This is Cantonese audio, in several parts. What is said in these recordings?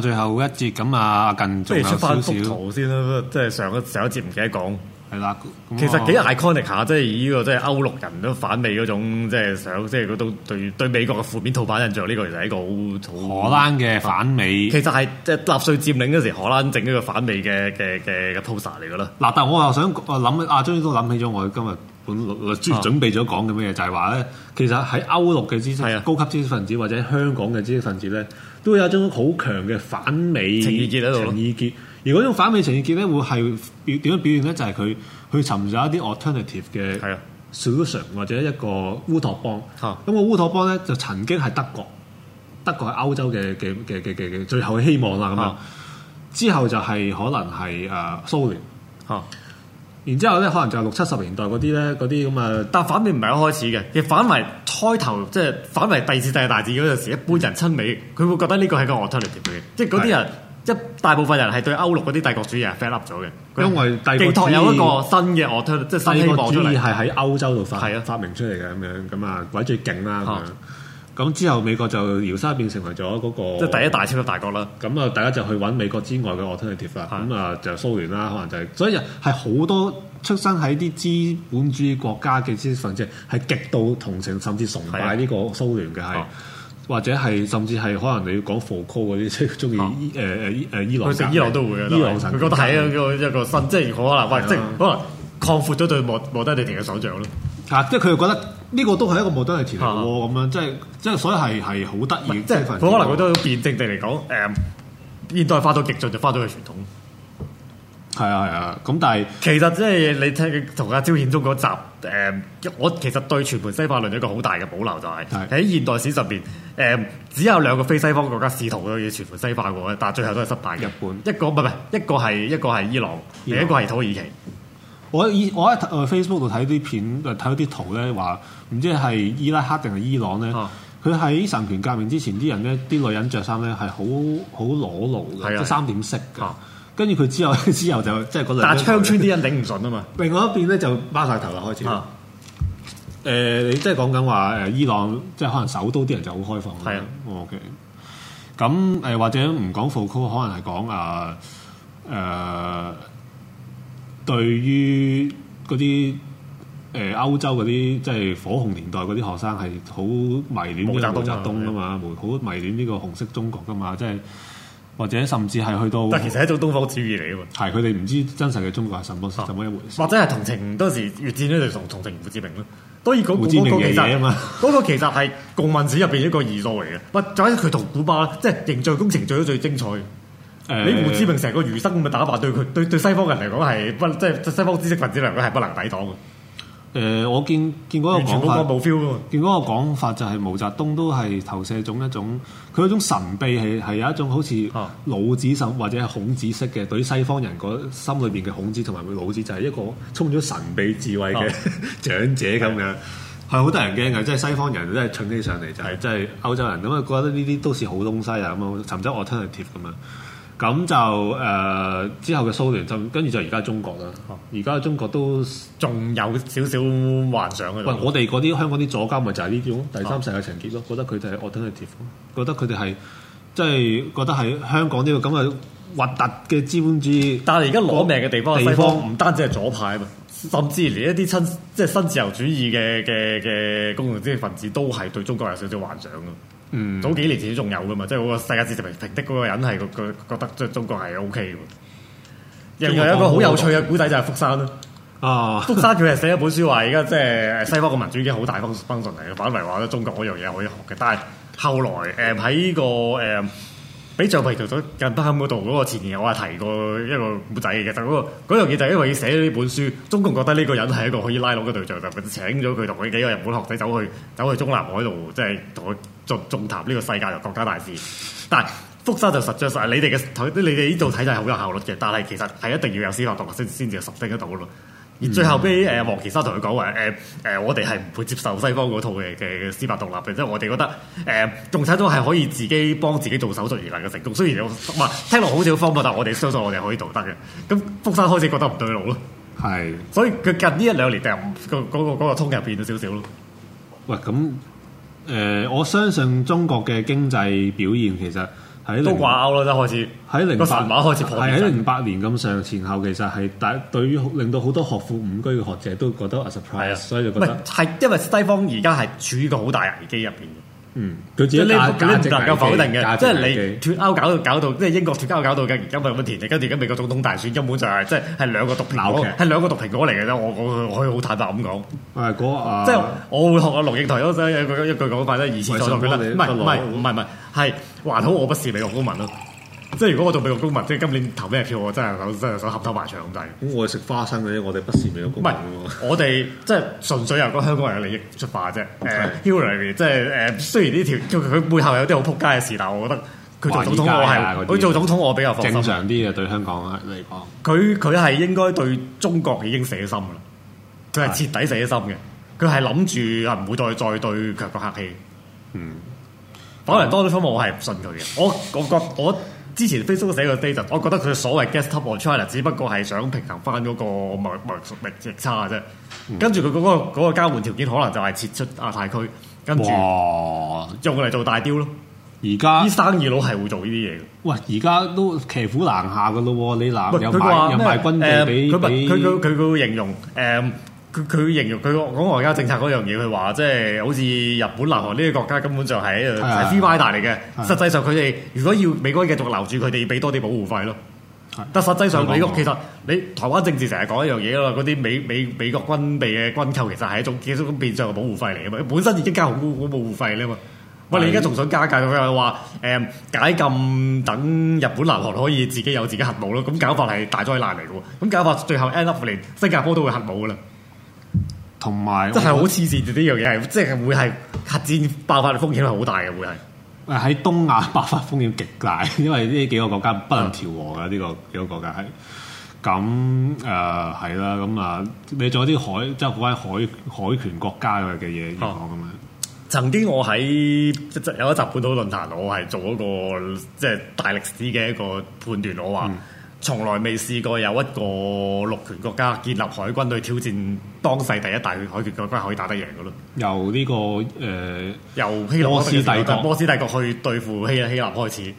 最後一節咁啊，阿近仲有少少。即係出翻幅圖先啦，即係上一上一節唔記得講。係啦，其實幾 iconic 下，即係呢個即係歐陸人都反美嗰種，即、就、係、是、想即係佢對對美國嘅負面圖版印象，呢、這個其實係一個好荷蘭嘅反美，其實係即係納粹佔領嗰時，荷蘭整一個反美嘅嘅嘅 poster 嚟嘅啦。嗱，但係我又想諗、啊、起，阿張都諗起咗，我今日本來準備準備咗講嘅咩嘢，啊、就係話咧，其實喺歐陸嘅知識高級知識分子或者香港嘅知識分子咧。都有一種好強嘅反美情意結喺度。情意結，而嗰種反美情意結咧，會係表點樣表現咧？就係佢去尋找一啲 alternative 嘅 solution 的或者一個烏托邦。咁、啊、個烏托邦咧，就曾經係德國，德國係歐洲嘅嘅嘅嘅嘅最後嘅希望啦。咁啊，之後就係可能係誒、呃、蘇聯。啊然之後咧，可能就六七十年代嗰啲咧，嗰啲咁啊，但反面唔係一開始嘅，亦反為開頭，即係反為第二次大戰嗰陣時，一般人親美，佢會覺得呢個係個 alternative 嘅，即係嗰啲人，一大部分人係對歐陸嗰啲帝國主義係 fell up 咗嘅。因為帝國 G, 有一個新嘅 alternative，即係帝國主義係喺歐洲度發是的 發明出嚟嘅咁樣，咁啊，鬼最勁啦咁樣。是的 咁之後美國就搖沙變成為咗嗰個即係第一大超級大國啦。咁啊，大家就去揾美國之外嘅樂天氣鐵法。咁啊，就蘇聯啦，可能就係所以係好多出生喺啲資本主義國家嘅資份者係極度同情甚至崇拜呢個蘇聯嘅，或者係甚至係可能你要講放 call 嗰啲即係中意伊誒誒伊朗，佢伊朗都會嘅，伊朗佢覺得係一個一個新，即係可能喂，即可能擴闊咗對莫摩多地嘅想像咯。啊，即係佢又覺得。呢個都係一個無端嘅前提喎，咁樣即係即係所以係係好得意，即係佢可能佢都辯證地嚟講，誒、嗯、現代化到極盡就花咗個傳統，係啊係啊，咁但係其實即係你聽同阿朝顯中嗰集，誒、嗯、我其實對全盤西化論有一個好大嘅保留就係、是、喺的現代史上邊，誒、嗯、只有兩個非西方國家試圖要全盤西化過，但係最後都係失敗本一個一個唔係一個係一個係伊朗，另朗一個係土耳其。我依我喺 Facebook 度睇啲片，睇到啲圖咧話，唔知係伊拉克定係伊朗咧，佢喺、啊、神權革命之前，啲人咧啲女人着衫咧係好好裸露嘅，都三的點式嘅。跟住佢之後，之後就即係嗰兩。就是、但係鄉村啲人 頂唔順啊嘛！另外一邊咧就包晒頭啦，開始。誒、啊呃，你即係講緊話誒，伊朗即係可能首都啲人就好開放。係的啊，OK。咁、呃、誒，或者唔講庫庫，可能係講啊誒。呃呃呃對於啲誒、呃、歐洲嗰啲即係火紅年代嗰啲學生係好迷戀毛澤東啊嘛，好的迷戀呢個紅色中國噶嘛，即、就、係、是、或者甚至係去到，但其實係一種東方主義嚟、啊、喎。係佢哋唔知真實嘅中國係什麼、啊、什麼一回事、啊。或者同情當時越戰咧，就同同情胡志明咯。當然、那個，古古巴嗰個其實 個其實係共運史入邊一個異數嚟嘅。唔係，再講佢同古巴即係營造工程做得最精彩，最精彩。你胡志明成個儒生咁嘅打扮，對佢對對西方人嚟講係不即係西方知識份子嚟講係不能抵擋嘅。誒，我見見嗰個講法，見嗰個講法就係毛澤東都係投射一種一種，佢一種神秘係係有一種好似老子神或者係孔子式嘅，啊、對於西方人個心裏邊嘅孔子同埋個老子就係一個充滿咗神秘智慧嘅、啊、 長者咁樣，係好得人驚嘅，即係西方人即係蠢起上嚟就係即係歐洲人咁啊，覺得呢啲都是好東西啊，咁啊，甚至我吞嚟貼咁啊。咁就誒、呃、之後嘅蘇聯，就跟住就而家中國啦。而家、啊、中國都仲有少少幻想嘅。喂不，我哋嗰啲香港啲左膠咪就係呢啲種第三世界情結咯，啊就是，覺得佢哋係 alternative，覺得佢哋係即係覺得係香港呢個咁嘅核突嘅資本主義。但係而家攞命嘅地方，地方唔單止係左派嘛，甚至連一啲親即係新自由主義嘅嘅嘅公共知識分子都係對中國有少少幻想㗎。嗯、早幾年前仲有噶嘛，即係嗰個世界是平的嗰個人，係個個覺得中中國係 O K 嘅喎。又有一個好有趣嘅古仔就係福山咯。啊，福山佢係寫一本書話，而家即係西方嘅民主已經好大風風嚟嘅，反為話中國嗰樣嘢可以學嘅。但係後來誒喺、嗯這個誒俾在培做咗更不嗰度嗰個，前年我係提過一個古仔嘅，就嗰、是那個樣嘢就因為要寫呢本書，中共覺得呢個人係一個可以拉攏嘅對象，就是、請咗佢同佢幾個日本學仔走去走去中南海度，即係同佢。就縱談呢個世界就國家大事，但係福山就實在實，你哋嘅你哋呢度體制好有效率嘅，但係其實係一定要有司法獨立先至實踐得到咯。而最後尾誒王岐山同佢講話誒誒，我哋係唔會接受西方嗰套嘅嘅司法獨立嘅，即係我哋覺得誒，仲產都係可以自己幫自己做手術而嚟嘅成功。雖然有唔係聽落好少方法，但係我哋相信我哋可以做得嘅。咁福山開始覺得唔對路咯，係是，所以佢近呢一兩年入嗰嗰個通入變咗少少咯。喂，咁。誒、呃，我相信中國嘅經濟表現其實喺都掛鈎啦，都開始喺零八開始，係喺零八年咁上前後，其實係但對於、嗯、令到好多學富五車嘅學者都覺得 a surprise，、啊、所以就覺得係因為西方而家係處於個好大危機入邊。嗯，佢自己唔能夠否定嘅。即係你脱歐搞到搞到，即係英國脱歐搞到嘅，而家咪咁嘅田地。跟住而家美國總統大選根本就係即係係兩個毒蘋果，係、就是、兩個毒蘋果嚟嘅 Okay.。我我我可以好坦白咁講，啊 uh, 即係我，我會學阿龍應台嗰陣一句一句講法，即係二次創作。唔係唔係唔係唔係，係還好我不是美國公民咯。即係如果我做美國公民，即係今年投咩票，我真係想真係想合頭埋場地。咁、就是哦、我食花生嗰啲，我哋不是美國公民。唔係不， 我哋即係純粹由個香港人嘅利益出發啫、呃。 即係誒、呃，雖然呢條佢佢背後有啲好撲街嘅事，但係我覺得佢做總統，統我係佢、啊、做總統，統我比較放心。正常啲嘅對香港嚟講，佢佢係應該對中國已經死心㗎啦，佢係徹底死心嘅，佢係諗住係唔會再再對強國客氣。嗯，反來多啲方暴，我係唔信佢嘅。我我覺，我，覺我。之前 Facebook 寫個 data，我覺得佢所謂 guess top or try 只不過係想平衡翻嗰個貿貿易差啫。跟住佢嗰個交換條件，可能就係撤出亞太區，跟住用佢嚟做大雕咯。而家啲生意佬係會做呢啲嘢嘅。喂，而家都騎虎難下嘅咯。你嗱又賣又賣軍隊俾佢，佢佢佢形容誒。佢佢形容佢講外交政策嗰樣嘢，佢話即係好似日本、南韓呢啲國家根本是的 就係 free rider 嚟嘅。是的 實際上佢哋如果要美國繼續留住佢哋，要俾多啲保護費咯。是的 但實際上香港 美國其實你台灣政治成日講一樣嘢咯，嗰啲美美美國軍備嘅軍購其實係一種幾變相嘅保護費嚟啊嘛。本身已經交好保護費啦嘛。喂，是的 你而家仲想加價佢又話，誒、嗯、解禁等日本、南韓可以自己有自己核武咯。咁搞法係大災難嚟嘅喎。咁搞法最後 end up 嚟新加坡都會核武噶啦。同埋真係好黐線，呢樣嘢係即係會係核戰爆發嘅風險係好大嘅，會係。誒，喺東亞爆發風險極大，因為呢幾個國家不能調和嘅呢、嗯、個幾個國家係。咁誒係啦，咁、呃、啊你做有仲有啲海即係關於海海權國家嘅嘢要講咁樣。曾經我喺有一集半島論壇，我係做一個即係、就是、大歷史嘅一個判斷，我話。嗯從來未試過有一個陸權國家建立海軍去挑戰當世第一大嘅海權國家可以打得贏嘅咯。由呢、這個誒，呃、由希羅波斯帝國，波斯帝國去對付希希臘開始，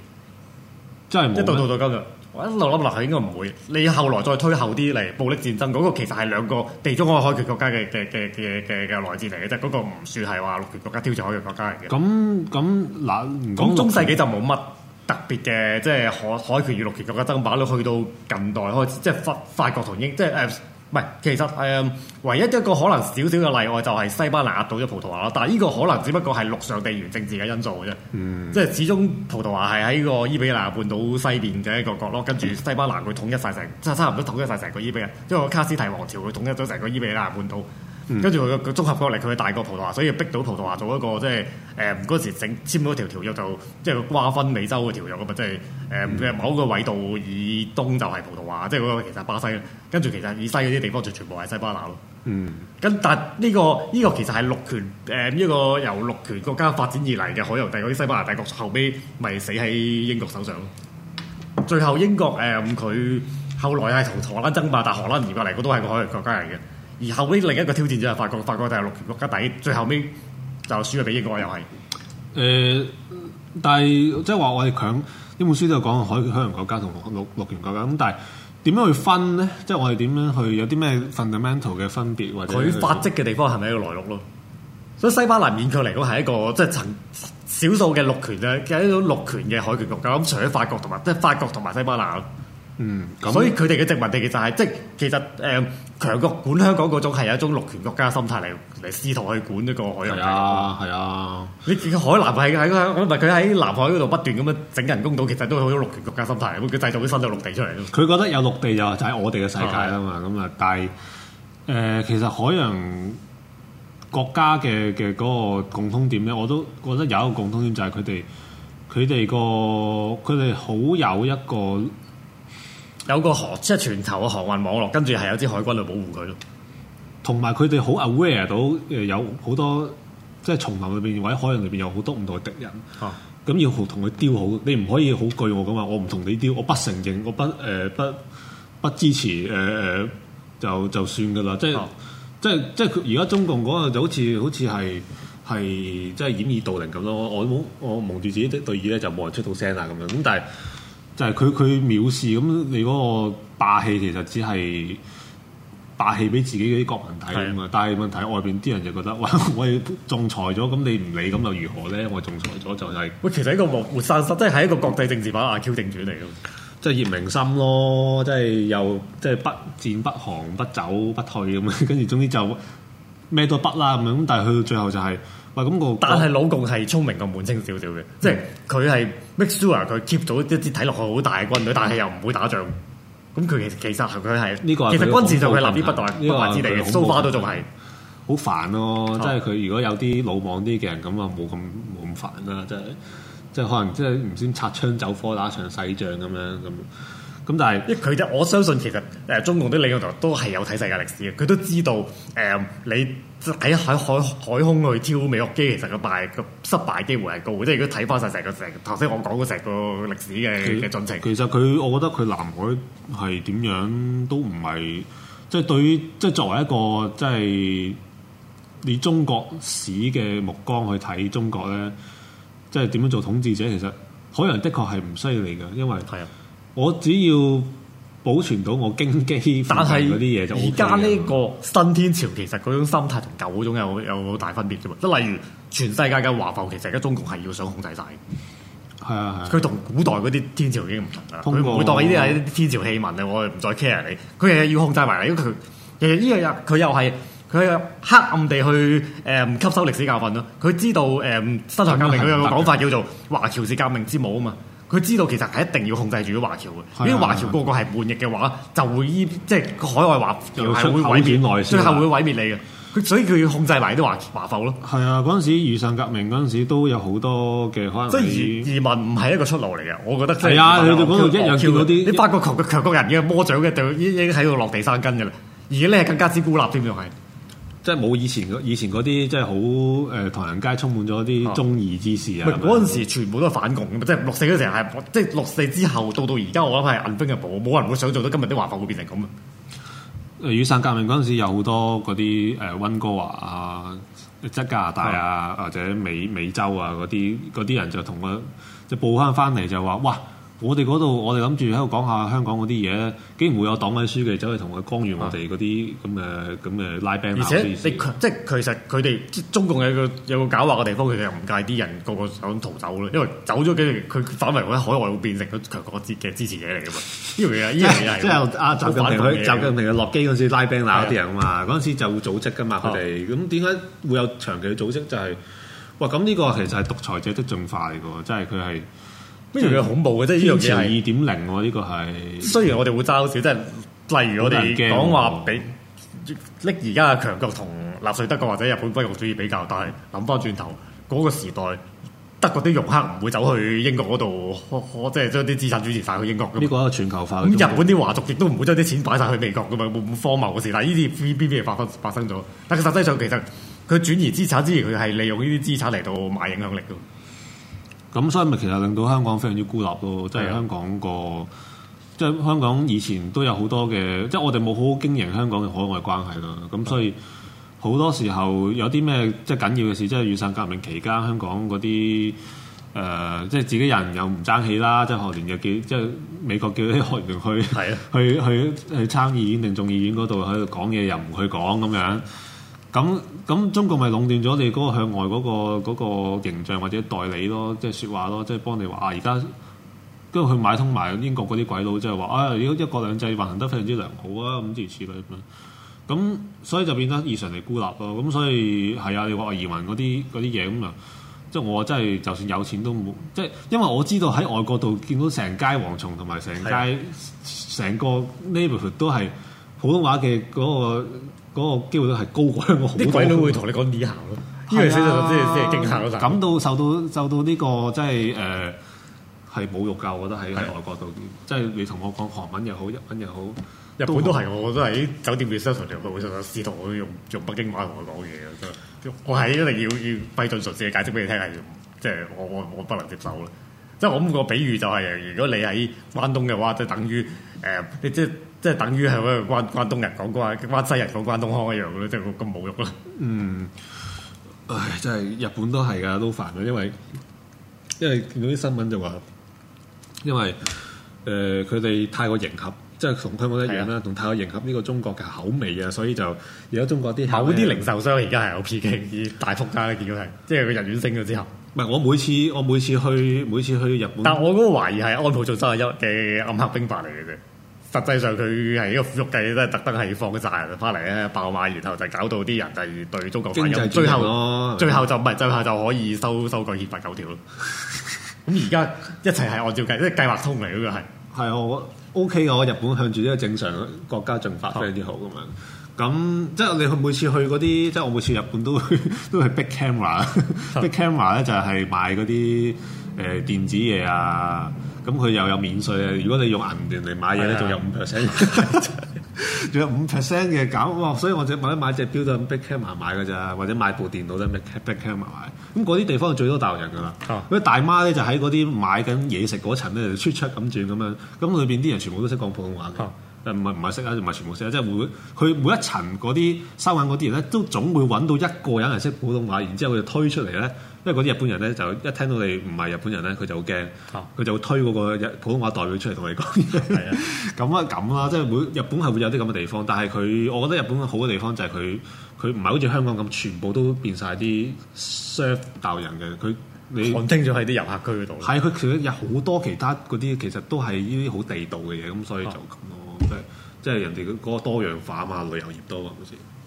真係一到到到今日，我一路諗落去應該唔會。你後來再推後啲嚟暴力戰爭，嗰、那個其實係兩個地中海海權國家嘅嘅嘅嘅嘅嘅來自嚟嘅啫。嗰、那個唔算係話陸權國家挑戰海權國家嚟嘅。咁咁嗱，咁中世紀就冇乜。特別嘅即係海海權與陸權嘅爭霸都去到近代開始，即係法法國同英，即係誒唔係，其實誒、呃、唯一一個可能少少嘅例外就係西班牙壓倒咗葡萄牙咯，但係呢個可能只不過係陸上地緣政治嘅因素嘅啫，嗯、即係始終葡萄牙係喺個伊比利亞半島西邊嘅一個角落。跟住西班牙佢統一晒成，即係差唔多統一晒成個伊比利亞，因為卡斯提王朝佢統一咗成個伊比利亞半島。跟住佢佢綜合國力，佢大過葡萄牙，所以逼到葡萄牙做一個即係誒嗰時整簽咗條條約就即係瓜分美洲嘅條約嘛。即係誒、呃嗯、某個緯度以東就係葡萄牙，即係嗰個其實巴西跟住其實以西嗰啲地方就全部係西班牙咯。嗯，咁但呢、這個呢、這個其實係陸權誒呢、呃這個由陸權國家發展而嚟嘅海洋帝國，啲西班牙帝國後尾咪死喺英國手上咯。最後英國誒佢、呃、後來係同荷蘭爭霸，但荷蘭而家嚟，佢都係個海權國家嚟嘅。而後尾另一個挑戰就係法國，法國，國就係陸、呃、權國家，但最後尾就輸咗俾英國又係。誒，但係即係話我哋強呢本書就講海海洋國家同陸陸陸權國家咁，但係點樣去分咧？即係我哋點樣去有啲咩 fundamental 嘅分別或者？佢發跡嘅地方係咪一個內陸咯？所以西班牙勉強嚟講係一個即係曾少數嘅陸權咧，嘅、就是、一種陸權嘅海權國家咁。除咗法國同埋即係法國同埋西班牙。嗯，所以佢哋嘅殖民地其實係即係其實誒強國管香港嗰種係一種陸權國家心態嚟嚟試圖去管一個海洋國家，係啊，係啊，你自己海南喺喺嗰，唔係佢喺南海嗰度不斷咁樣整人工島，其實都好有陸權國家心態，佢製造啲新嘅陸地出嚟。佢覺得有陸地就係我哋嘅世界啊嘛，咁啊，但係誒其實海洋國家嘅嘅嗰個共通點咧，我都覺得有一個共通點就係佢哋佢哋個佢哋好有一個。有個航即係全球嘅航運網絡，跟住係有支海軍嚟保護佢咯。同埋佢哋好 aware 到誒，有好多即係叢林裏邊或者海洋裏邊有好多唔同嘅敵人。哦、啊，咁要同佢 deal 好，你唔可以好拒我咁話，我唔同你 deal，我不承認，我不誒、呃、不不支持誒誒、呃呃、就就算噶啦。即係、啊、即係即係佢而家中共嗰個就好似好似係係即係掩耳盜鈴咁咯。我冇我蒙住自己的對耳咧，就冇人出到聲啊咁樣咁，但係。就係佢佢藐視咁，那你嗰個霸氣其實只係霸氣俾自己嗰啲國民睇啊嘛。是的 但係問題，外邊啲人就覺得，哇！仲嗯、我仲裁咗，咁你唔理咁又如何咧？我仲裁咗就係。我其實一個活活生生，即係係一個國際政治版阿 Q 正傳嚟咯。即係葉名琛咯，即係又即係不戰不降不走不退咁，跟住總之就咩都不啦咁。但係去到最後就係、是。唔咁共，但係老共係聰明過滿清少少嘅，嗯、即係佢係 make sure 佢 keep 到一支睇落去好大軍隊，但係又唔會打仗。咁佢其實佢係呢個，其實軍事就係立於不待不敗之地，so far 都仲係好煩咯、啊。啊、即係佢如果有啲魯莽啲嘅人，咁啊冇咁冇咁煩啦。即係即係可能即係唔知擦槍走火打場細仗咁樣咁。咁但係，一佢啫，我相信其實誒、嗯、中共的領導人都係有睇世界歷史嘅，佢都知道誒、嗯、你喺喺海海空去挑美國機，其實個敗個失敗機會係高，即係如果睇翻晒成個成頭先我講過成個歷史嘅嘅其進程。其實佢，我覺得佢南海係點樣都唔係，即、就、係、是、對於即係作為一個即係以中國史嘅目光去睇中國咧，即係點樣做統治者，其實海洋的確係唔需要你嘅，因為，我只要保存到我京畿，但係啲嘢，就而家呢個新天朝其、其實嗰種心態同舊嗰種有有好大分別啫嘛。即係例如全世界嘅華埠，其實而家中共係要想控制晒。係啊，佢同、啊、古代嗰啲天朝已經唔同噶啦。古代呢啲係天朝棄民啊，我唔再 care 你。佢係要控制埋你。佢其實呢樣又佢又係佢又黑暗地去誒唔、嗯、吸收歷史教訓咯。佢知道誒辛亥革命佢有個講法叫做華僑是革命之母啊嘛。佢知道其實係一定要控制住啲華僑嘅，是啊、因為華僑個個係叛逆嘅話，就會依即係海外華僑係會毀滅，內最後會毀滅你嘅。啊、所以佢要控制埋啲華華僑咯。係啊，嗰陣時雨傘革命嗰陣時都有好多嘅可能。即係移，移民唔係一個出路嚟嘅，我覺得係、就是、啊。去到一樣見到啲，啲法國強強國人已經魔掌嘅，就已經喺度落地生根嘅啦。而家咧更加之孤立添，仲係。即係冇以前嗰以前啲即係好誒、呃、唐人街充滿咗啲忠義之士啊！唔係嗰時全部都係反共，即係六四嗰陣，即係六四之後到到而家，我諗係銀兵嘅步，冇人會想像到今日啲華法會變成咁啊！雨傘革命嗰陣時有好多嗰啲誒溫哥華啊，即加，加拿大啊或者美美洲啊嗰啲啲人就同佢即係報返翻嚟就話哇！我哋嗰度，我哋諗住喺度講下香港嗰啲嘢，竟然會有黨委書記走去同佢光顧我哋嗰啲咁嘅咁嘅拉兵鬧。而且即係其實佢哋中共有個有個狡猾嘅地方，佢哋又唔介意啲人個個想逃走咯，因為走咗幾年，佢反為我喺海外會變成佢強國嘅支持者嚟噶嘛。呢樣嘢，呢樣嘢即係阿習近平佢，習近平佢落機嗰陣時拉兵鬧啲人啊嘛，嗰陣時就會組織噶嘛佢哋。咁點解會有長期嘅組織、就是？就係哇，咁呢個其實係獨裁者都進化嚟噶喎，即係佢係。乜嘢咁恐怖嘅？即係呢樣嘢係二點零，呢個係雖然我哋會揸少，即係例如我哋講話俾拎，而家嘅強國同納粹德國或者日本軍國主義比較，但係諗翻轉頭嗰個時代，德國啲肉黑唔會走去英國嗰度，可即係將啲資產轉移晒去英國。呢個係全球化咁，日本啲華族亦都唔會將啲錢擺晒去美國咁嘛，冇咁荒謬嘅事。但係呢啲 B B B 係發生發生咗，但係實際上其實佢轉移資產之餘，佢係利用呢啲資產嚟到買影響力咯。咁所以咪其實令到香港非常之孤立咯，即係是的 香港個即係、就是、香港以前都有好多嘅，即、就、係、是、我哋冇好好經營香港嘅海外關係咯。咁是的 所以好多時候有啲咩即係緊要嘅事，即、就、係、是、雨傘革命期間香港嗰啲誒，即、呃、係、就是、自己人又唔爭氣啦，即、就、係、是、學聯又叫即係美國叫啲學聯去是的 去去去，去參議院定眾議院嗰度喺度講嘢，又唔去講咁樣。咁咁中國咪壟斷咗你嗰個向外嗰個嗰個形象或者代理咯，即係説話咯，即係幫你話啊而家跟住去買通埋英國嗰啲鬼佬，即係話啊如果一國兩制運行得非常之良好啊咁諸如此類咁，咁所以就變得異常嚟孤立咯。咁所以係啊，你話移民嗰啲啲嘢咁啊，即係我真係就算有錢都冇，即係因為我知道喺外國度見到成街蝗蟲同埋成街成是、啊、個 neighborhood 都係普通話嘅嗰個。嗰個機會都係高過香港好多。啲鬼都會同你講耳行咯，呢位先生，即係即係勁下感到受到受到呢、這個即係誒係侮辱㗎，我覺得喺是外國度，即係你同我講韓文又好，日文又好，日本、嗯、都係我覺得喺酒店 resort 同你我用用北京話同我講嘢，我係一定要要費盡唇舌嘅解釋俾你聽，係即係我我我不能接受啦！即係我諗個比喻就係、是，如果你喺關東嘅話，就是、等於誒，呃、你即係。即係等於係嗰個關東人講關關西人講關東腔一樣，即係咁冇用咯。嗯，唉，真係日本都係噶，都煩啊，因為因為見到啲新聞就話，因為誒佢哋太過迎合，即係同香港一樣啦，同是、啊、太過迎合呢個中國嘅口味啊，所以就而家中國啲，日本啲零售商而家係有撇清啲大幅加嘅，見到係，即係個日元升咗之後。唔係我每次我每次去每次去日本，但我嗰個懷疑係安踏做三啊一嘅暗黑兵法嚟嘅啫。實際上佢係一個苦肉計，都係特登係放曬人翻嚟咧，爆買，然後就搞到啲人就對中國反。經濟轉型咯。最後就唔係最後就可以收收個二百九條咯、嗯。咁而家一齊係按照計，即係計劃通嚟嗰個係。係啊，我 OK 嘅，我日本向住呢個正常國家進發非常之好咁樣。咁即係你去每次去嗰啲，即係我每次日本都都係 Big Camera，Big Camera 咧就係賣嗰啲誒電子嘢啊。咁佢又有免稅嘅，如果你用銀聯嚟買嘢咧，仲的有五 percent，仲有五 percent 嘅減。哇！所以我只萬一隻、er、買隻表都咁 Big Camera 買嘅咋，或者買部電腦都喺 Big Camera 買。咁嗰啲地方最多大陸人噶啦。咁、啊、大媽咧就喺嗰啲買緊嘢食嗰層咧，就呢出出咁轉咁樣。咁裏邊啲人全部都識講普通話嘅。啊，唔係唔係識啊，唔係全部識啊。即係每佢每一層嗰啲收銀嗰啲人咧，都總會揾到一個人係識普通話，然之後佢就推出嚟咧。因為嗰啲日本人咧，就一聽到你唔係日本人咧，佢就好驚，佢、啊、就會推嗰個日普通話代表出嚟同你講嘢。係啊的，咁啊咁啦，即係每日本係會有啲咁嘅地方，但係佢，我覺得日本好嘅地方就係佢，佢唔係好似香港咁全部都變晒啲 serve 大陸人嘅，佢你望清咗喺啲遊客區嗰度。係，佢其實有好多其他嗰啲，其實都係呢啲好地道嘅嘢，咁所以就咁咯、啊。即係即係人哋嗰個多樣化啊嘛，旅遊業多啊，好似。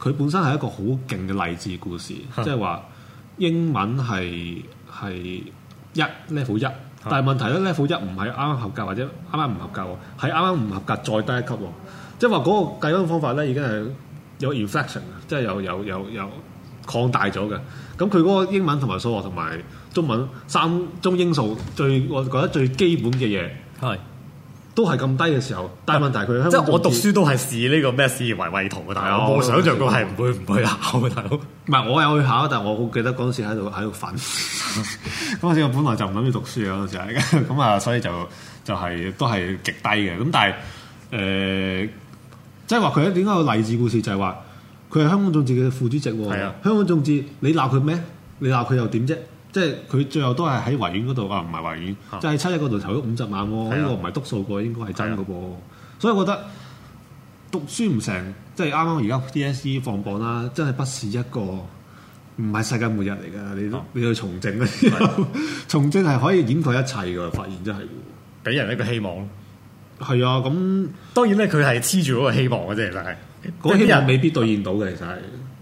佢本身係一個好勁嘅勵志故事，即係話英文係係一 level 一，1, 1, 但係問題咧 level 一唔係啱啱合格或者啱啱唔合格喎，係啱啱唔合格再低一級喎，即係話嗰個計分方法咧已經係有 i n f l e c t i o n 即係有又又又擴大咗嘅。咁佢嗰個英文同埋數學同埋中文三中英數最，我覺得最基本嘅嘢係。嗯都係咁低嘅時候，啊、但係問題佢即係我讀書都係視呢個咩事業為畏途嘅大佬，但我想象佢係唔會唔會考嘅大佬。唔係， 我有去考，但係我好記得嗰陣時喺度喺度瞓。陣時我本來就唔諗住讀書啊，嗰陣時咁 啊，所以就就係、是、都係極低嘅。咁但係誒，即係話佢點解個勵志故事就係話佢係香港眾志嘅副主席、啊。是啊、香港眾志，你鬧佢咩？你鬧佢又點啫？即係佢最後都係喺維園嗰度，啊唔係維園，即係七一嗰度投咗五十萬，呢個唔係督數過，應該係真嘅噃。所以我覺得讀書唔成，即係啱啱而家 DSE 放榜啦，真係不是一個唔係世界末日嚟嘅。你你去從政咧，從政係可以掩蓋一切嘅。發現真係俾人一個希望。係啊，咁當然咧，佢係黐住嗰個希望嘅啫，其實係嗰啲人未必兌現到嘅，其實係。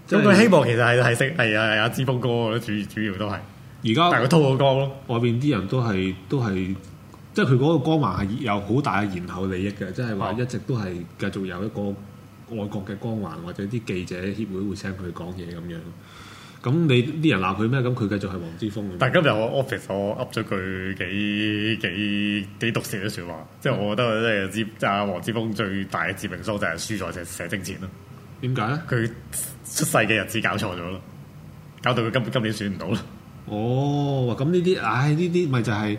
咁佢希望其實係係識係啊，阿志峰哥主主要都係。而家大個偷個光咯，外邊啲人都係都係，即係佢嗰個光環係有好大嘅延後利益嘅，即係話一直都係繼續有一個外國嘅光環，或者啲記者協會會請佢講嘢咁樣。咁你啲人鬧佢咩？咁佢繼續係黃之鋒。但係今日我 Office，我噏咗佢幾幾幾毒舌嘅説話，嗯、即係我覺得即係即係黃之鋒最大嘅致命傷就係輸咗，就寫精治咯。點解咧？佢出世嘅日子搞錯咗咯，搞到佢根本今年選唔到啦。哦，咁呢啲，唉、哎，呢啲咪就係、是、誒，即、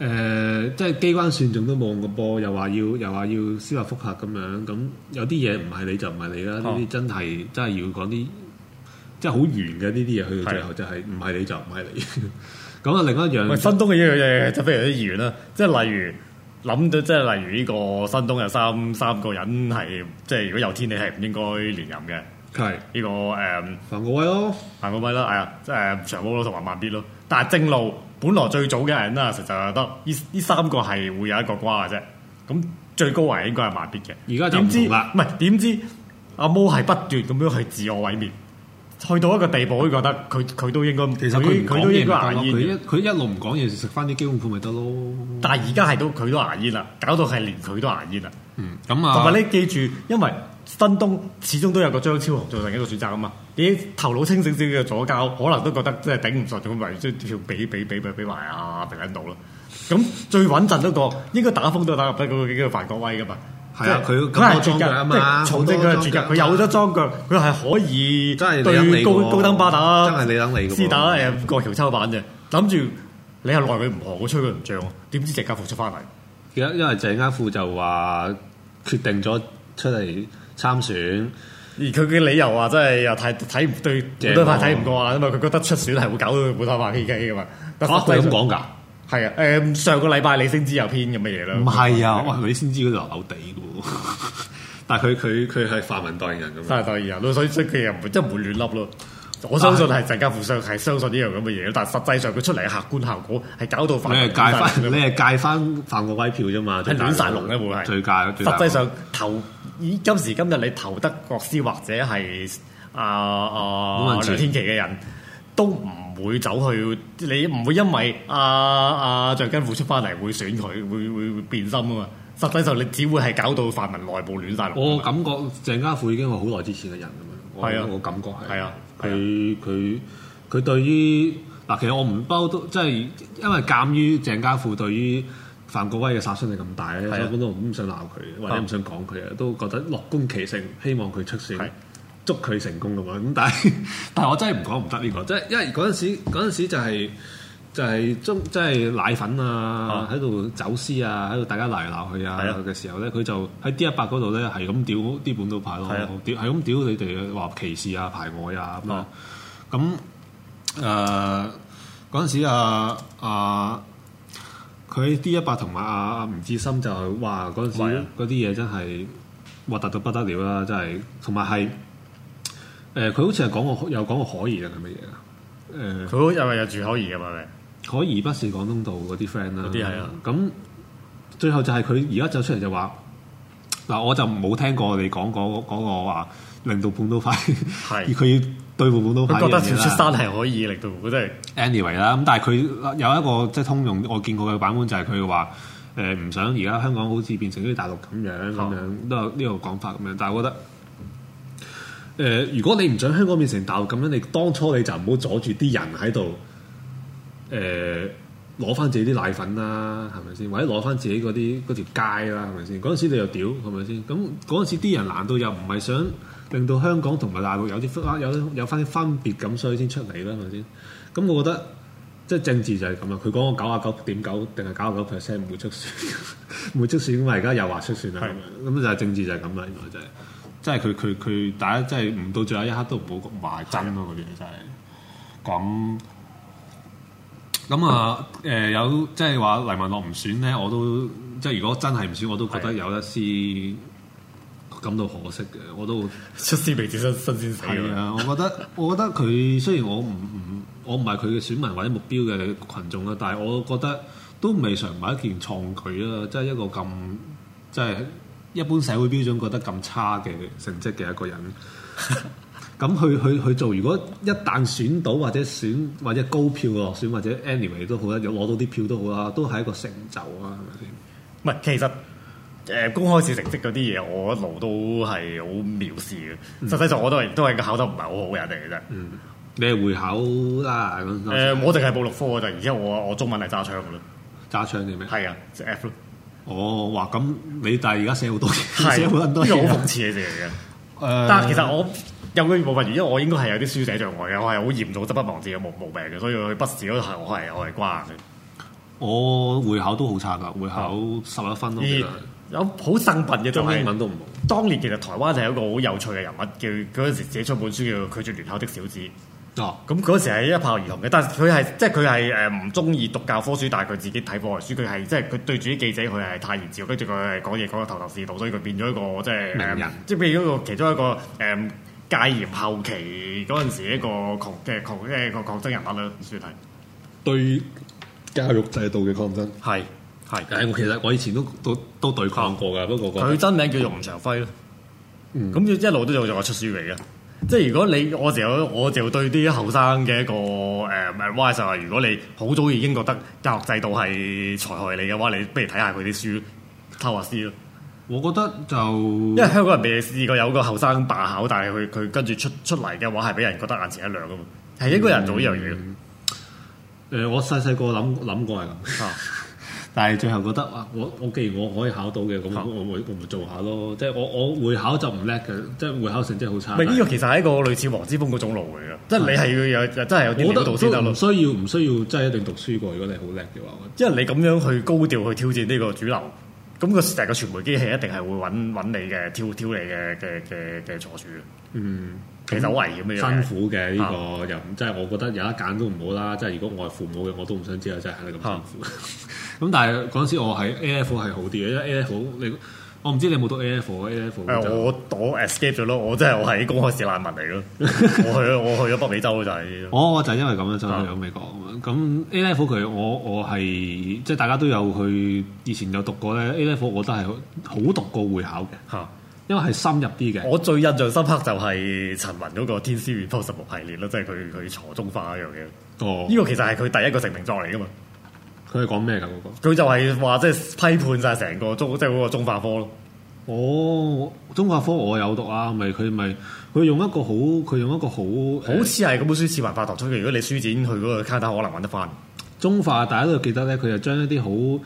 呃、係、就是、機關算盡都望個波，又話要，又話要司法覆核咁樣，咁有啲嘢唔係你就唔係你啦，呢啲、哦、真係真係要講啲，即係好圓嘅呢啲嘢，去到最後是就係唔係你就唔係你。咁啊是， 另一樣，新東嘅一樣嘢就非常之圓啦，即、就、係、是、例如諗到，即、就、係、是、例如呢個新東有三三個人係，即、就、係、是、如果有天你係唔應該連任嘅。係呢個誒，范國威咯，范國威啦，係啊，即係長毛咯同埋慢必咯。但係正路本來最早嘅人啊，實就得呢依三個係會有一個瓜嘅啫。咁最高位應該係慢必嘅。而家點知唔係，點知阿毛係不斷咁樣去自我毀滅，去到一個地步，都覺得佢佢都應該，其實佢佢都應該牙煙。佢一路唔講嘢，食翻啲基本盤，咪得咯。但係而家係都，佢都牙煙啦，搞到係連佢都牙煙啦。咁啊，同埋你記住，因為。新東始終都有個張超雄做成一個選擇啊嘛，啲頭腦清醒少，嘅左膠可能都覺得真係頂唔順，咁咪，即係條比比比比埋啊，俾佢忍到咯。咁最穩陣都個應該打風都打入得嗰個叫范國威㗎嘛，即啊，佢唔係絕殺啊嘛，重正佢係絕殺，佢有咗裝腳，佢係、嗯、可以真係對高高登巴打，真係你等你，是打誒、嗯、過橋抽板啫。諗住你係內佢唔和，我吹佢唔脹，點知即刻復出翻嚟？而家因為鄭家富就話決定咗出嚟。參選，而佢嘅理由話真係又太睇唔對，冇辦法睇唔過啦，因為佢覺得出選係會搞到佢冇辦法飛機噶嘛。嚇，佢咁講㗎？係啊，誒，上個禮拜李星知有篇咁嘅嘢啦。唔係啊，哇！李星之佢流流地嘅喎，但係佢佢佢係泛民代言人咁，真係代言人。所以所以佢又唔真唔亂笠咯。我相信係鄭家富相係相信呢樣咁嘅嘢，但係實際上佢出嚟嘅客觀效果係搞到泛。你係介翻，你係介翻泛個威票啫嘛？係亂曬龍嘅會係最介，實際上投。以今時今日，你投得國師或者係啊啊梁天琦嘅人都唔會走去，你唔會因為阿阿鄭家富出翻嚟會選佢，會會變心啊嘛！實際上你只會係搞到泛民內部亂晒。我感覺鄭家富已經係好耐之前嘅人啊嘛，我覺得感覺係。係啊，佢佢佢對於嗱，其實我唔包括即係，因為鑑於鄭家富對於。范國威嘅殺傷力咁大咧，所以我都唔想鬧佢，或者唔想講佢啊，都覺得樂觀其成，希望佢出線，祝佢成功嘅嘛。咁但係，但係我真係唔講唔得呢個，即係因為嗰陣時嗰陣時就係就係中即係奶粉啊，喺度走私啊，喺度大家嚟鬧佢啊嘅時候咧，佢就喺 D 一八嗰度咧，係咁屌啲本土派咯，屌係咁屌你哋話歧視啊、排外啊咁啊，咁誒嗰陣時啊啊！佢 D 一百同埋阿阿吳志森就話嗰陣時嗰啲嘢真係核突到不得了啦，真係同埋係誒佢好似係講個有講個可疑啊定乜嘢啊？誒佢又係有住可疑噶嘛咪？可疑不是廣東道嗰啲 friend 啦，啲係啊。咁、啊、最後就係佢而家走出嚟就話嗱、呃，我就冇聽過你講嗰嗰個話令到半都快，是 而佢。對付本土派都係佢覺得佢出山係可以嚟到，我真係。 anyway 啦，咁但係佢有一個即係、就是、通用我見過嘅版本就係佢話誒唔、呃、想而家香港好似變成好似大陸咁樣咁樣都有呢個講法咁樣，但係我覺得誒、呃、如果你唔想香港變成大陸咁樣，你當初你就唔好阻住啲人喺度誒攞翻自己啲奶粉啦，係咪先？或者攞翻自己嗰啲嗰條街啦，係咪先？嗰陣時你又屌係咪先？咁嗰陣時啲人難道又唔係想？令到香港同埋大陸有啲分有有翻啲分別咁，所以先出嚟啦，係咪先？咁我覺得即係政治就係咁啦。佢講個九啊九點九定係九啊九 percent 唔會出選，唔 會出選，因為而家又話出選啦。咁咁就係政治就係咁啦，原來就係、是、即係佢佢佢大家真係唔到最後一刻都唔好話真咯，嗰啲真係講咁啊！誒、就是呃、有即係話黎文樂唔選咧，我都即係如果真係唔選，我都覺得有一絲。感到可惜嘅，我都出師未捷身、啊、身先死啊。 我覺得，我覺得佢雖然我唔唔，我唔係佢嘅選民或者目標嘅群眾啦，但係我覺得都未嘗唔係一件創舉啊！即、就、係、是、一個咁即係一般社會標準覺得咁差嘅成績嘅一個人，咁 去去去做。如果一旦選到，或者選或者高票落選，或者 anyway 都好啦，攞到啲票都好啦，都係一個成就啊，係咪先？唔係，其實。誒公開試成績嗰啲嘢，我一路都係好藐視嘅。實際上我都係都係考得唔係好好人嚟嘅啫。嗯，你係會考啦？誒，我就係報六科嘅啫，而且我我中文係揸槍嘅咯，揸槍嘅咩？係啊，即係 F 咯。哦，哇！咁你但係而家寫好多字，寫好多字，呢個好諷刺嘅嘢嚟嘅。誒，但係其實我有嗰部分，原因我應該係有啲書寫障礙嘅，我係好嚴重、執筆忘字嘅無毛病嘅，所以佢筆字嗰題我係我係關嘅。我會考都好差㗎，會考十一分都有好神品嘅，中文英文都唔好。當年其實台灣係一個好有趣嘅人物，叫嗰陣時寫出本書叫《拒絕聯考的小子》。哦，咁嗰時係一炮而紅嘅，但係佢係即係佢係誒唔中意讀教科書，但係佢自己睇課外書。佢係即係佢對住啲記者，佢係太熱潮，跟住佢係講嘢講到頭頭是道，所以佢變咗一個即係、就是、名人，即係變咗一個其中一個誒戒嚴後期嗰陣時一個抗嘅抗即係抗爭人物咯，算係對教育制度嘅抗爭係。係，唉，我其實我以前都都都對抗過噶，不過佢真名叫吳長輝咯。咁、嗯、一路都做做出書嚟嘅，即係如果你我就我就對啲後生嘅一個誒咩話就係，呃、advice，如果你好早已經覺得教育制度係財害你嘅話，你不如睇下佢啲書偷下師咯。我覺得就因為香港人未試過有個後生罷考，但係佢佢跟住出出嚟嘅話，係俾人覺得眼前一亮㗎嘛。係應該有人做呢樣嘢。誒、嗯嗯呃，我細細個諗諗過係咁。 但係最後覺得哇，我我既然我可以考到嘅，咁我我會我會做下咯。即係我我會考就唔叻嘅，即係會考成績好差。呢個其實係一個類似黃之鋒嗰種路嚟嘅，即係是你係要有真係有啲味需要，唔書需要即係一定讀書過。如果你好叻嘅話，即係你咁樣去高調去挑戰呢個主流，咁個成個傳媒機器一定係會揾揾你嘅挑挑你嘅嘅嘅嘅坐主嗯。其實好危險嘅，辛苦嘅呢、這個人 Yeah.，即係我覺得有一揀都唔好啦。即係如果我係父母嘅，我都唔想之後真係喺度咁辛苦。咁 Yeah. 但係嗰陣時我，我喺 A F 係好啲，嘅，因為 A F 你我唔知你有冇讀 A F，A Yeah. F 我我 escape 咗咯，我真係我係公開試難民嚟咯。 我去我去咗北美洲就係、是， 我就係因為咁啊，就去、是、咗美國。咁 Yeah. A F 佢我我係即係大家都有去，以前有讀過咧。A F 我覺得係好讀過會考嘅。Yeah. 因為係深入啲嘅，我最印象深刻就係陳雲嗰個《天師傳》post 末系列咯，即係佢佢坐中化嗰樣嘢。哦，呢個其實係佢第一個成名作嚟噶嘛？佢係講咩噶嗰個？佢就係話即係批判晒成個中，即係嗰個中化科咯。哦，中化科我有讀啊，咪佢咪佢用一個好，佢用一個好，好似係咁本書次文化堂出嚟。如果你書展去嗰個卡塔，可能揾得翻。中化大家都記得咧，佢就將一啲好。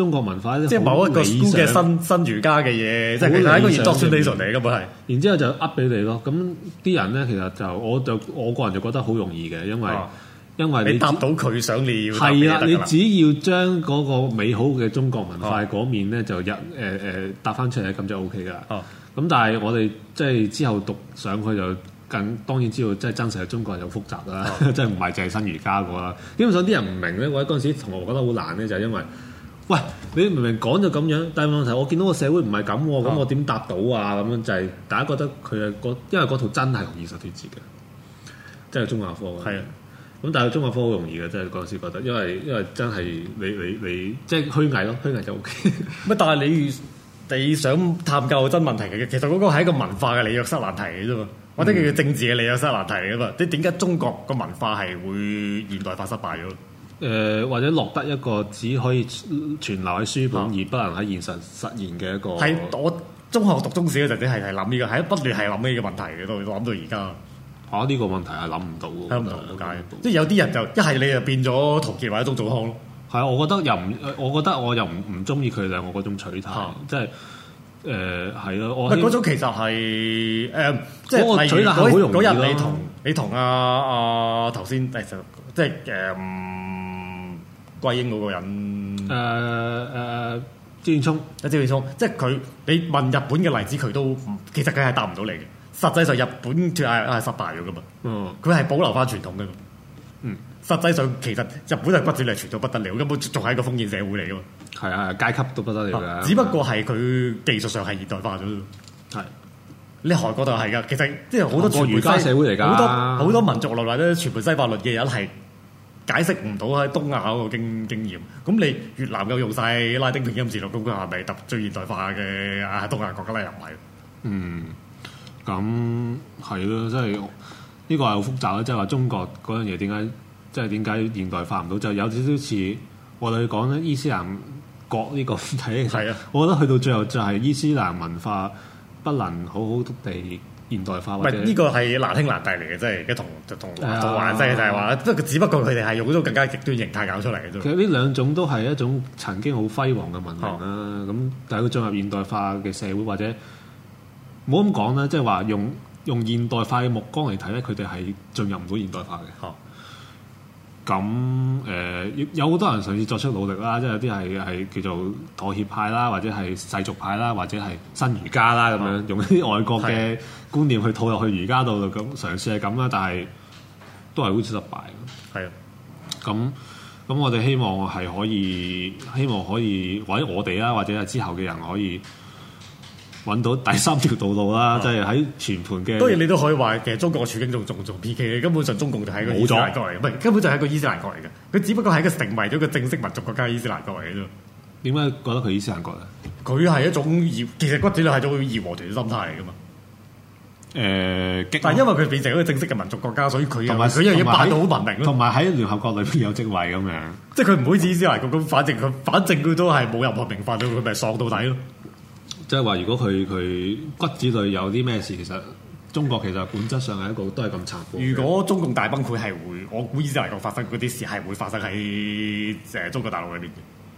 中國文化啲即係某一個嘅新新儒家嘅嘢，即係其實一個 research paper 嚟嘅，本係。然之後就噏俾你咯。咁啲人咧，其實就我就我個人就覺得好容易嘅，因為、啊、因為你，你答到佢想你要係啊，你只要將嗰個美好嘅中國文化嗰面咧就入誒誒答翻出嚟咁，OK 啊，就 O K 噶啦。哦，咁但係我哋即係之後讀上去就緊，當然知道即係真實嘅中國人有複雜啦，即係唔係淨係新儒家個啦。基本上啲人唔明咧，我喺嗰陣時同學覺得好難咧，就係、是，因為。喂，你明明講就咁樣，但係問題我見到個社會唔係咁喎，咁、啊、我點答到啊？咁樣就係大家覺得佢啊，因為嗰套真係同現實脫節嘅，即係中學科嘅。係是啊，咁但係中學科好容易嘅，即係嗰陣時覺得，因為因為真係你你你即係虛偽咯，虛偽就 O、OK、K。乜？但係你你想探究真問題，嘅，其實嗰個係一個文化嘅李約瑟難題嘅啫嘛，或者叫政治嘅李約瑟難題嘅嘛。即係點解中國個文化係會現代化失敗咗？誒或者落得一個只可以存留喺書本而不能喺現實實現嘅，一個係我中學讀中史嗰陣時，就係係諗呢個，係不斷係諗呢個問題嘅，都諗到而家。嚇呢、啊呢個問題係諗唔到嘅，諗唔到嘅，即係有啲人就一係你就變咗陶傑或者鍾祖康咯。係啊、嗯，我覺得又唔，我覺得我又唔唔中意佢兩個嗰種取態，即係誒係咯。我嗰種其實係誒，即、呃、係、就是、例如嗰日你同你同阿阿頭先誒即係誒。啊啊歸英嗰個人，誒誒，朱元聰，阿朱元聰，即係佢。你問日本嘅例子，佢都其實佢係答唔到你嘅。實際上日本脫亞係失敗咗噶嘛，佢係保留翻傳統嘅。嗯、實際上其實日本係骨子裡傳統不得了，根本仲係一個封建社會嚟嘅。係 啊，階級都不得了。只不過係佢技術上係現代化咗。係、啊，你韓、啊啊、國就係㗎。其實即係好多儒家社會嚟㗎，好多好多，多民族落嚟都全部西化律嘅人係。解釋唔到喺東亞嗰個經經驗，咁你越南又用曬拉丁拼音字錄，咁佢係咪揼最現代化嘅亞、啊、東亞國家咧又唔係？嗯，咁係咯，即係呢、呢個係好複雜啦。即係話中國嗰樣嘢點解，即係點解現代化唔到，就有少少似我哋講咧伊斯蘭國呢、呢個問題。啊， 係啊 我覺得去到最後就係伊斯蘭文化不能好好地現代化，唔係呢個係難兄難弟嚟嘅，即係一同就同同玩、哎、呀即係就係話，即係、嗯、只不過佢哋係用嗰種更加極端形態搞出嚟嘅啫。其實呢兩種都係一種曾經好輝煌嘅文明啦。咁、嗯啊、但係佢進入現代化嘅社會或者唔好咁講啦，即係話用用現代化嘅目光嚟睇咧，佢哋係進入唔到現代化嘅。嗯咁誒、呃，有好多人嘗試作出努力啦，即係有啲係係叫做妥協派啦，或者係世俗派啦，或者係新瑜伽新儒家啦咁樣，用一啲外國嘅觀念去套入去儒家度咁，嘗試係咁啦，但係都係好似失敗。係啊的，咁咁，我哋希望係可以，希望可以或者我哋啦，或者係之後嘅人可以。搵到第三條道路啦，即係喺全盤嘅。當然你都可以話，其實中國處境仲仲仲 P K，根本上中共就係一個伊斯蘭國嚟，唔係錯根本就係一個伊斯蘭國嚟嘅。佢只不過係一個成為咗一個正式民族國家伊斯蘭國嚟嘅啫。點解覺得佢伊斯蘭國咧？佢係一種其實骨子裏係一種義和團心態嚟噶嘛。誒、呃，但係因為佢變成一個正式嘅民族國家，所以佢同埋佢又要扮到好文明咯。同埋喺聯合國裏邊有職位咁樣，嗯、即係佢唔會似伊斯蘭國咁。反正佢，反正佢都係冇任何明化咗，佢咪喪到底咯。即係話，如果佢佢骨子裏有啲咩事，其實中國其實本質上係一個都係咁殘酷。如果中共大崩潰係會，我估意思就係講發生嗰啲事係會發生喺誒、呃、中國大陸裏邊嘅。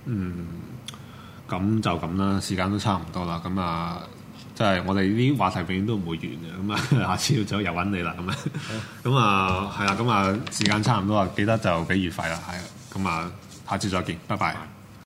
嗯，咁就咁啦，時間都差唔多啦。咁啊，即、就、係、是、我哋呢啲話題永遠都唔會完嘅。咁啊，下次要走又揾你啦。咁啊，咁、嗯、 啊係啦。咁啊,啊，時間差唔多啦，記得就俾月費啦。係咁啊,啊，下次再見，拜拜。